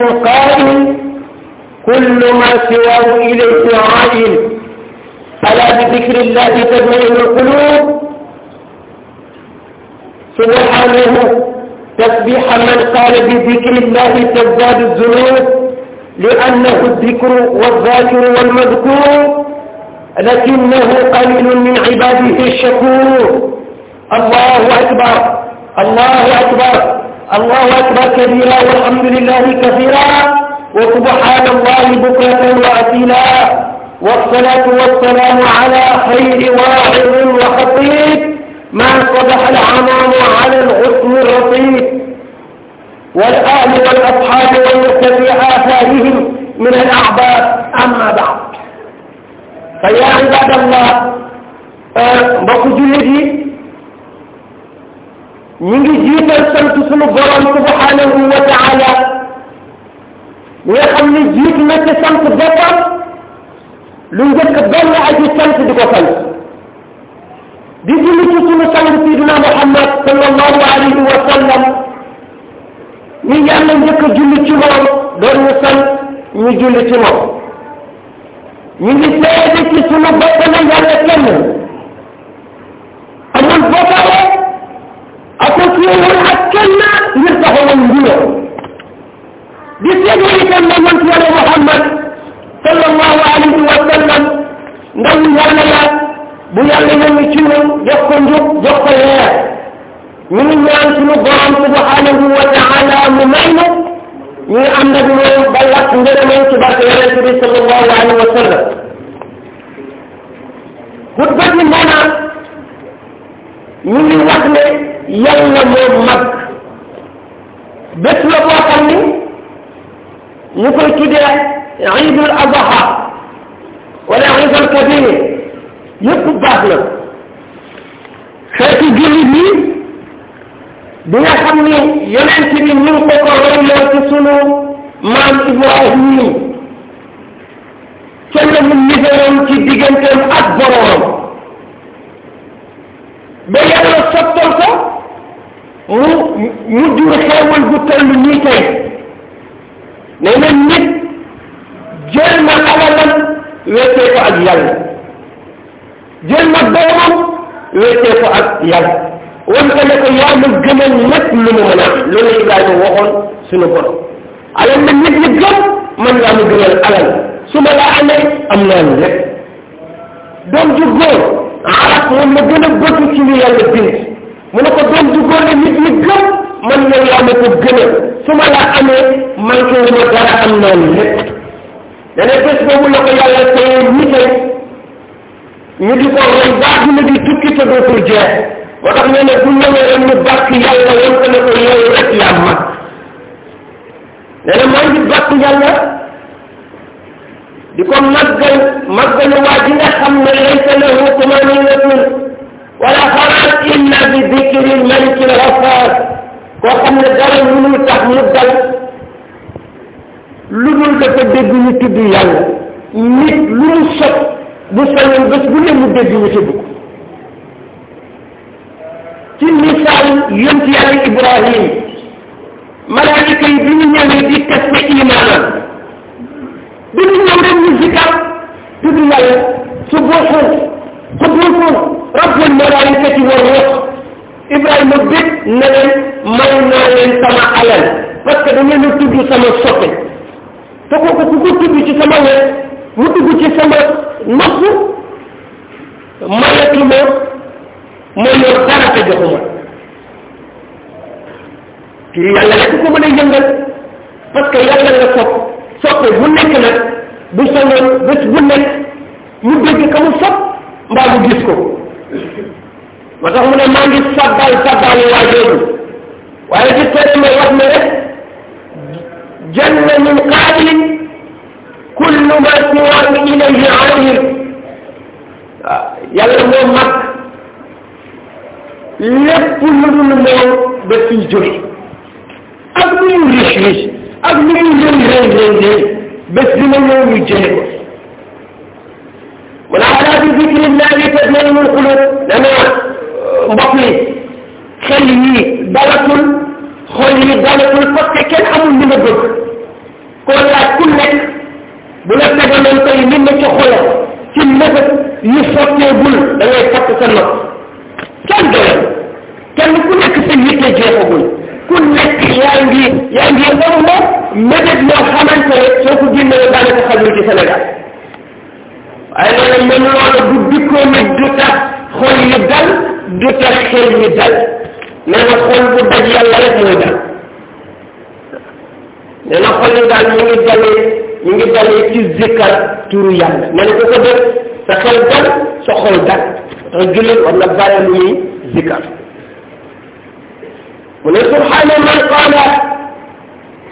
قائل كل ما سواه إليه عائل ألا بذكر الله تطمئن القلوب سبحانه تسبيح من قال بذكر الله تزداد الذنوب لأنه الذكر والذاكر والمذكور لكنه قليل من عباده الشكور الله أكبر الله أكبر الله أكبر كبيرا والحمد لله كثيرا وسبحان الله بكرة وأسيلا والصلاة والسلام على خير واعظ وخطيب ما صبح العنان على الغصن الرطيب والآل والأصحاب والمتبع آثارهم من الأعباد أما بعد فيا عباد الله mbokk jullit yi ñu ngi jiital sant sunu borom subhanahu wa taala ñi nga xam ne jiit na sant boppam lu njëkk benn aji sant di ko sant di julli ci sunu sang sidina Muhammad sallallahu alayhi wa sallam ñi yàlla njëkk a julli ci moom doon ñu sant ñu julli ci moom ñu ngi seede ci sunu bopp ne yàlla kenn yeewul ak kenn ngir taxawal nguur di seede itam ne man yàlla Muhammad sallallahu alayhi wa sallam ndaw yàlla la bu yàlla yónni ci ñun jox ko njub jox ko leer ñu ngi ñaan suñu borom subhanahu wa taala mu may na ñu ànd ak moom ba lakk ngërëmam ci barke yonente bi sallallahu alayhi wa sallam xutba bi maanaam ñu ngi wax ne yàlla moo mag bés la boo xam ni ñu koy tuddee iidul adha wala iidul kabir yëpp baax na xeetu jullit yi bi nga xam ni yonent bi ñu ngi ko ko royloo ci sunu maam Ibrahim ca la ci digganteem ak boroomam ba yàlla sottal ko mu mu jur xeewal bu toll nii tey nee na nit jël na alalam weccee ko ak yàlla jël na doomam weccee ko ak yàlla wante ne yaa ma gënal lépp mu mën a am loolu Ibrahima waxoon suñu borom alal na nit ñi gëm man laa ma gënal alal su ma laa amee am naa lépp doom ju góor araf moom la gën a bëgg ci li yàlla bind mu ne ko doom ju góor nit ñi gëm man yow yaa ma ko gën a su ma la amee man ko ma dara am naa lépp dana bés boobu la ko yàlla tey nite ñu di ko roy baax dina di tukki te dootul jeex moo tax nee ne bu ñëwee rek ñu bàkk yàlla wan ko ne ko yow rek yaa mag nee na maa ngi bàkk yàlla di ko màggal màggalu waa ji nga xam ne laysa lahu tumaninatun wala dem ci rafet koo xam ne dara mënul tax mu dal lu dul dafa dégg ñu tudd yàlla nit lu mu sot bu sañoon bés bu ne mu dégg ñu tudd ko ci misaal yonent yàlla Ibrahim malaayika yi bi ñu ñëwee di testé imaanam bi ñu ñëw rek ñu zikar tudd yàlla subuhun quddus rabbul malaayikati war ruux Ibrahima bég na may naa leen sama alal parce que da ngeen a tudd sama soppe te kooku ku ko tudd ci sama wet mu tudd ci sama nopp mayatu ma ma yor dara te joxu ma kii yàlla rek ko mën a yëngal parce que yàlla nga sopp soppe bu nekk nag bu sonoon bés bu nekk mu dégg ka mu sopp mbaa mu gis ko moo tax mu ne maa ngi sabbal sabbal waa jooju waaye ci kër ma wax ne rek janna min qaabilin kullu ma siwaan ilayhi alayhim waaw yàlla moo mag lépp lu dul moom ba fiy jóge ak lu mu riche riche ak lu mu rëy rëy rëy rëy bés dina ñëw ñu jële ko mu ne alaa bi zikrillahi tatma'innul qulub mbokk yi xel yi dalatul xol yi dalatul parce que kenn amul li nga bëgg koo laaj ku nekk bu la tegaloon tey li nga ci xolam ci nëbët yu sotteegul da ngay takk sa nopp kenn doyal kenn ku nekk sa yitte jeexagul ku nekk yaa ngi yaa ngi ëmb mébét yoo xamante ne soo ko génnee daanaka xajul ci Sénégal waaye nee na même loolu du dikkoo nit du tax xol yi dal du tax xel mi dal nee na xol bu daj yàlla rek mooy dal nee na xol yi daal ñu ngi dalee ñu ngi dalee ci zikkar turu yàlla nee na ku ko def sa xel dal sa xol dal tax jullit war na bàyyi lu muy zikkar mu ne subhaana man qaala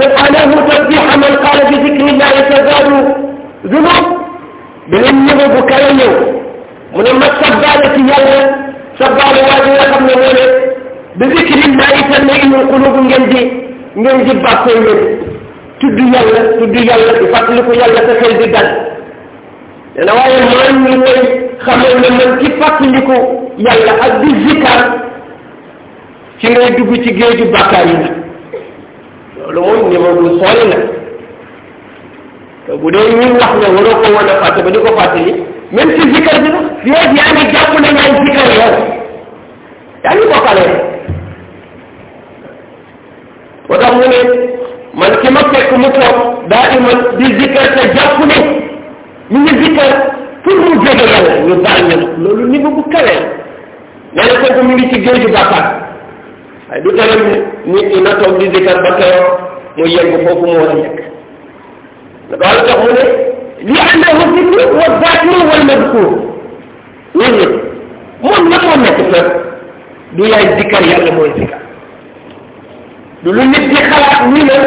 subhaanahu tasbiha man qaala bi zikrillahi tazaadu zunub beneen niveau bu kawe ñëw mu ne ma sabbaale ci yàlla sabbaale waa ji nga xam ne moo ne bi zikri llahi tatma'innul qulub ngeen di ngeen di bàkkoo yéen tudd yàlla tudd yàlla di fàttaliku yàlla sa xel di dal nee na waaye man ñi mooy xamal ne man ci fàttaliku yàlla ak di zikar ci ngay dugg ci géeju bàkkaar yi nag loolu moom ni ma dul sooli nag te bu dee ñun wax ne waroo ko wan a ba di ko fàttali même ci zikar bi la fii yaa ngi jàpp ne yaa zikar yow yaa ngi bokkale ba man ki ma fekk mu toog daa iman di zikar te jàpp ne ñu zikar pour mu jege yàlla ñu baal ñu loolu niveau bu kawe na kooku mu ngi ci géeju bàkkaar du tere nit ñi na toog di zikar ba teyoon mu yegg foofu mu war a لأنه الذكر والذاكر والمذكور loolu yëpp moom nag moo nekk fa du yaay dikkar yàlla mooy dikkar du lu nit di xalaat ni la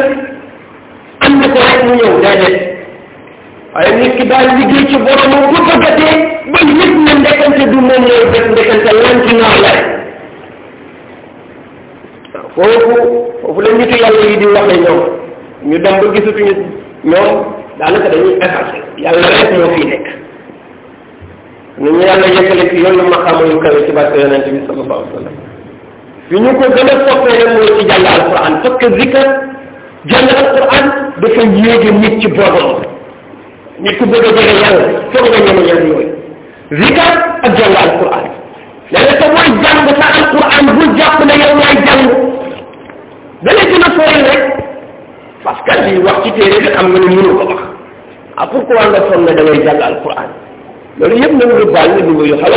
ko rek mu ñëw déedéet waaye nit ki daal liggéey ci boromam bu ko gatee ba nit na ndekante du moom lay def ndekante lantinor la foofu foofu la nitu yàlla yi di waxee ñoom ñu dem ba gisatuñu daanaka dañuy effacé yàlla rek ñoo fi nekk nu ñu yàlla yëkkale ci yoon ma xamal yu kawe ci barke yonente bi sallallahu alayhi wa sallam fi ko gën a soppee rek mooy ci jàng alquran parce que zikar jàng alquran dafa yéege nit ci boobam nit ku bëgg a jege yàlla foog nga ñeme ñaar yooyu zikar ak jàng alquran léegi te mooy jàng sa alquran bu jàpp ne yow yaay jàng da lay gën a sori rek parce que wax ci téere bi am nga ne mënu ko wax ah pourquoi nga foog ne damay jàng alquran loolu yëpp na nga baal ni niveau yu xaw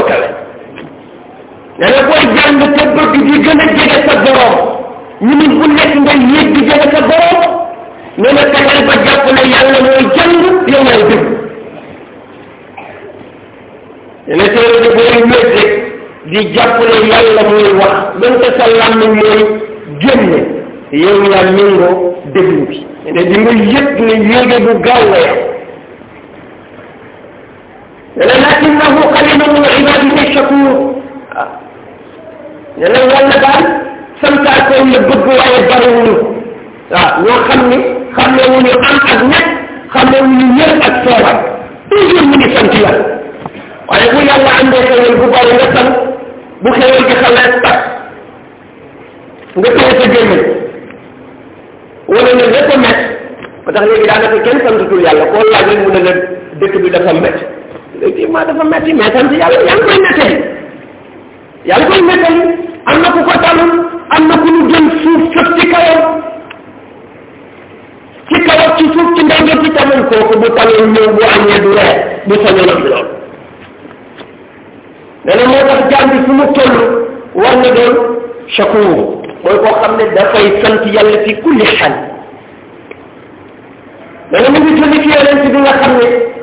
di gën a jege sa borom ñu bu nekk nga yéeg di jege sa borom nee na fexeel ba jàpp yàlla mooy jàng yow yaay dégg nee na sa làmmiñ mooy génne yow yaa méngoo déglu bi nee na di yëg ne yéege bu gaaw لكنه قليل من عباده الشكور ne walla daal santaatoon la bëgg waaye bariwuñu waaw ñoo xam ni xam ne wuñu am ak ñett xam ne wuñu ñër ak soobat toujours mu ngi sant yàlla waaye bu yàlla andee xewal bu bari nga sant bu xewal gi xalee tax nga tëye sa gémmiñ wala ne lépp a mett ba tax léegi daanaka kenn santatul yàlla koo laaj rek mu ne la dëkk bi dafa mett effectivement dafa metti mais sant yàlla yaa ngi koy mettee yaa ngi koy mettee am na ku ko talul am na ku ñu jël suuf sëf ci kawam ci kawam ci suuf ci ndànk ci tamul kooku bu talul ñëw bu añee du reer bu sañoon ak lool nee na moo tax jaam bi fu mu toll war na doon shakur mooy koo xam ne dafay sant yàlla fi kulli xal nee na mu ngi julli ci yonent bi nga xam ne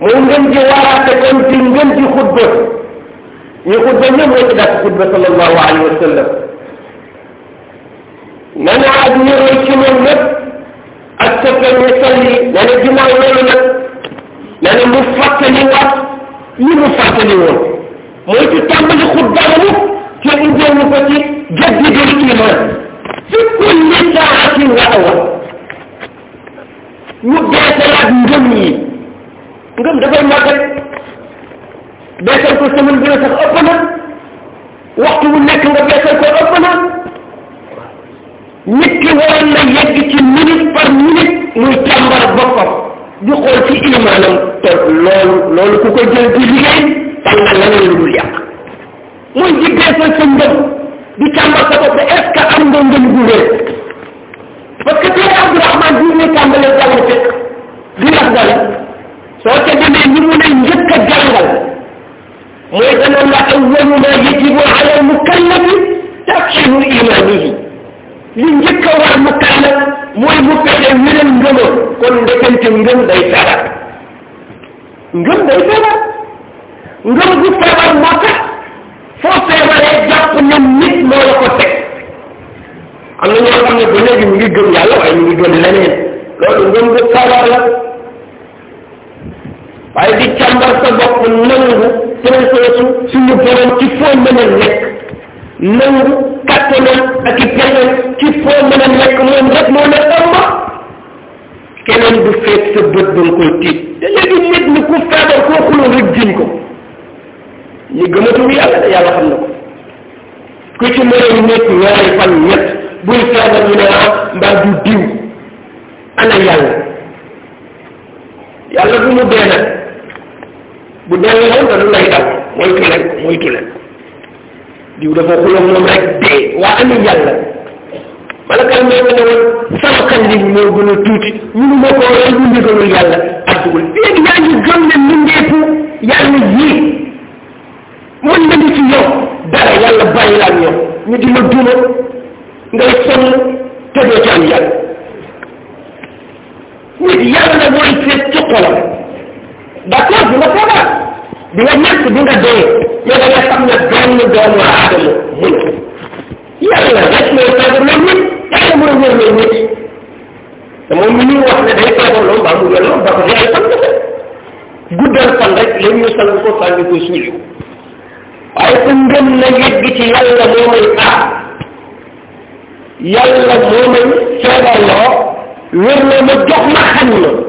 muy ngën ji waaraate kon ci ngën ji xutba ñu xutba ñëpp rek dàq xutba sallallahu alayhi wa sallam nee na ak ñu roy ci moom lépp ak sa kenn ñu salli nee na ginnaaw loolu nag nee na mu fàttali waat li mu fàttali woon mooy ci tàmbali xutba la mu ci indee ñu ko ci jaddidul iman fi kulli saatin wa awa ñu deesalaat ngëm yi ngëm dafay màgg rek beesal ko semaine bi la sax ëpp waxtu bu nekk nga beesal ko ëpp nit ki waroon na yegg ci minute par minute muy càmbar boppam di xool ci imaanam loolu ku ko jël di liggéey tànn leneen lu dul yàq muy di beesal ngëm di càmbar sa bopp est-ce que am nga ngëm gu wér parce que tey Abdourahman bii ñuy tàmbalee jàng di wax dara soo ca demee ñi mu lay njëkk a jàngal mooy dana la awwalu ma yajibu ala mukallafi taqinu imanihi li njëkk a war mukallaf mooy mu fexe wéral ngëmam kon ndekante ngëm day feebar ngëm day feebar ngëm bu feebar moo tax foo feebaree jàpp ne nit moo la ko teg am na ñoo xam ne ba léegi ñu ngi gëm yàlla waaye ñu ngi gëm leneen loolu ngëm bu feebar la waaye di càmbar sa bopp nangu présence suñu borom ci foo mën a nekk nangu kattanam ak i peñam ci foo mën a nekk moom rek moo ne ëmma keneen du feet sa bët ba nga koy tiit te léegi nit ñi ku feebar koo xuloon rek jiñ ko ñu gëmatul yàlla de yàlla xam na ko ku ci mënoon nekk ñaari fan ñett buy feebar ñu ne ah mbaa du diw ana yàlla yàlla bu mu dee nag bu doon yow te lu lay dal moytu leen moytu leen diw dafa xuloo moom rek dee waa ami yàlla malakal mee ma ne woon sama xandil moo gën a tuuti ñu ma ko rey bu ndigalul yàlla àddugul léegi yaa ngi gëm ne mbindeefu yàlla yii mën na di ci yow dara yàlla bàyyi la ak ñoom ñu di la duma ngay sonn te doo ci am yàlla léegi yàlla mooy seet ci xolam d'accord di nga feebar di nga ñàkk di nga dee yow da xam ne benn doomu aadama mu ne yàlla rek mooy feebar loolu nit yàlla mooy wér loolu nit te moom mi ñuy wax ne day mu wér loolu ba ko yàlla fan nga guddal fan la ñu sal ko sànni ko suuli waaye sa may aar yàlla moo may feebarloo wér loo ma jox xam na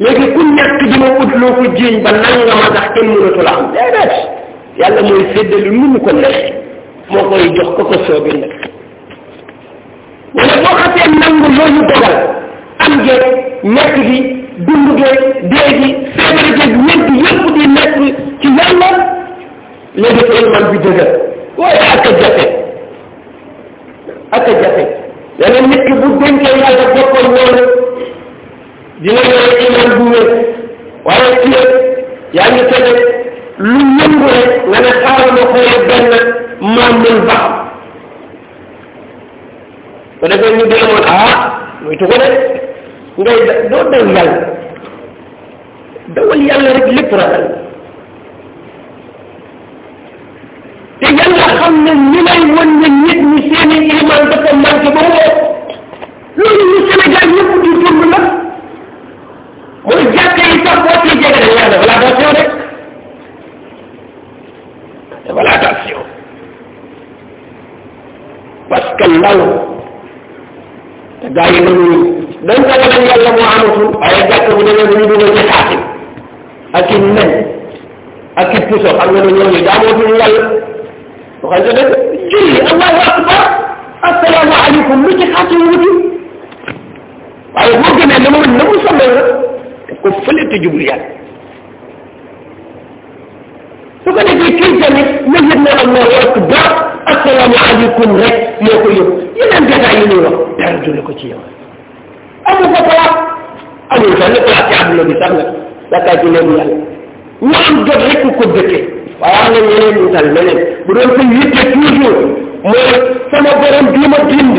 léegi ku ñàkk di ma ut loo ko jiiñ ba nangama tax kenn mënatu la am déedéet yàlla mooy séddali nu mu ko neex moo koy jox ko ko soobee nag wala boo xasee nangu loolu dogal am geeg ñàkk gi dund geeg dee gi feebar geeg ñett yëpp di nekk ci yàlla léegi iman bi dëgër waaye ak a jafe ak a jafe yeneen nit ki bu dénkee yàlla boppam loolu dina yore iman bu wér waaye ci yëpp yaa ngi tege lu yëngu rek nga ne xaaral ma xoolee benn maam min baax ko defee ñu demoon ah muy tuko de ngay doo daw yàlla dawal yàlla rek lépp ragal te yàlla xam ne ñi lay wan ne nit ñi seeni iman dafa manqué ba mu loolu ñu Sénégal ñëpp di dund nag mooy jàkka yi sax boo ciy jege dañu naan defal attention rek defal attention parce que ndaw te gaa yi dañuy dañ ko defal yàlla moo amatul waaye jàkka bu demee bu ñu dugal ci xaatim ak i nen ak i puso xam nga ne ñooñu jaamootuñu yàlla waxal sa dëgg julli allahu akbar asalaamaaleykum lu ci xaatim wuti waaye boo gënee na mu na mu sonal la ko fële te jublu yàlla su ko defee kii tamit na yëg ne am naa yokk baax asalaamaaleykum rek moo ko yóbbu yeneen détails yi ñuy wax dara jule ci yow amul fa place amul fa ne bi sax nag dakkaa ci leen yàlla ñu am jot rek ko dëkkee waaye am na ñeneen utal leneen bu doon ko yitte toujours mooy sama borom bii ma bind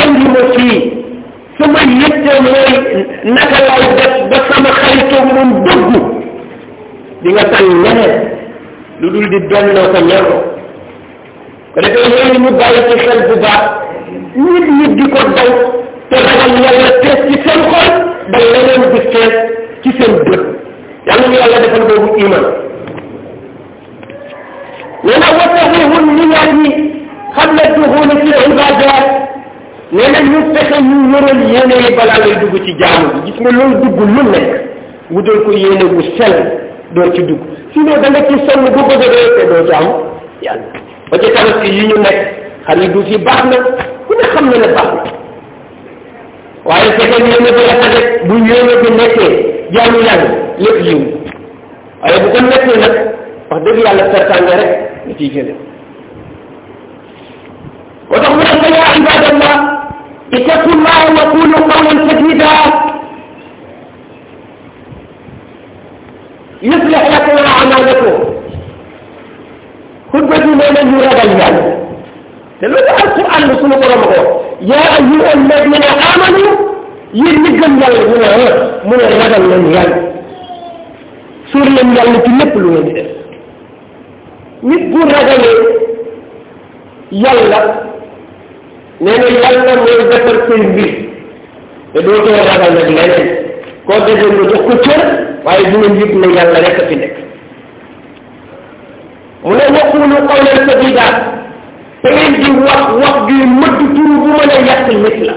andi ma fii sama yitte mooy naka laay def ba sama xaritoo moom dëggu di nga tànn ñeneen lu dul di delloo ko ñeroo ko defee loolu ñu bàyyi ci xel bu baax nit nit di ko daw te ragal yàlla tees ci seen xol ba leneen di tees ci seen bët yàlla ñu yàlla defal boobu iman nee na wasaxihu niyaat yi xam ne duxuulu fi ibadat nee na ñu fexe ñu wëral yéene balaa ngay dugg ci jaamu bi gis nga loolu dugg lu nekk wutal ko yéene bu sell doo ci dugg sinon da nga ci sonn bu bëgg a dee doo ci yàlla ba ci tabaski yi ñu nekk xar yi du fi baax na ku ne xam na ne baax na waaye fexe yéene bi la rek bu yéene waaye bu ko nag wax dëgg yàlla pertanga rek nga ciy jëlee moo tax mu ne fa yaa ibadallah اتقوا الله وقولوا قولا سديدا يصلح لكم اعمالكم خطبة من يراد الله لو القرآن بسم الله يا أيها الذين آمنوا يرجم يلا من من الرجل من يلا سور لم يلا تلبلو من يلا نقول رجل يلا nee na yàlla mooy defar seen mbir te doo too ragal nag leneen koo dese nga jox ko cër waaye dina njëkk ne yàlla rek a fi nekk mu ne waxuñu qawlan sadida te ngeen di wax wax gi mëdd turu bu mën a yàq nit la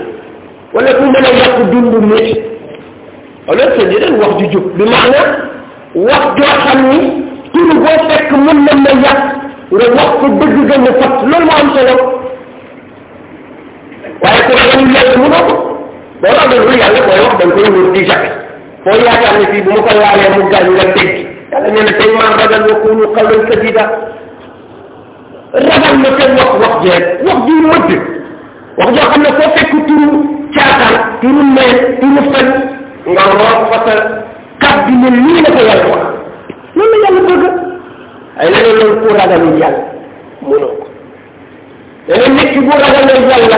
wala bu mën a yàq dundu nit qawlan wax ju jub bi maana wax joo xam ni turu boo fekk mën na ma yàq wax ko dëgg gën a fat loolu am solo waaye ku bañ a yàlla mënoo ko boo tax da nga yàlla koy wax da nga koy wër di jafe boo yaakaar ne fii bu ma ko laalee mu gaañ nga dégg yàlla nee na tey maa ragal wa kuunu qawlan sadida ragal na seen wax wax jeex wax ji mëdd wax joo xam ne foo fekk turu caaxaan turu meel turu fen nga root fa sa kàddu ne lii la ko yàlla wax loolu la yàlla bëgg ay leneen loolu ku ragalul yàlla mënoo ko leneen nekk bu ragalul yàlla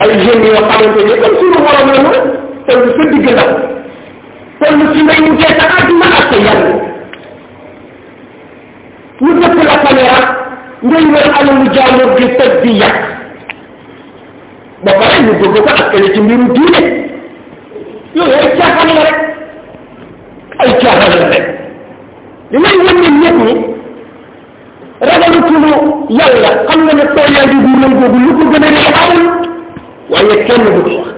ay jeunes yoo xamante ne kon suñu borom la ñu toll sa digg ndaw toll ci mbéyum gerte àdduna ak sa yàlla ñu dëpp la caméra ngay wër alalu jaamur di tëj di yàq ba pare ñu bëgg ko askale ci mbiru diine yooyu ay caaxaan la rek ay caaxaan la rek li may wan ne nit ñi ragalatuñu yàlla xam nga ne tooyaa ngi bu nan googu lu ko gën a rëy amul waaye kenn du ko wax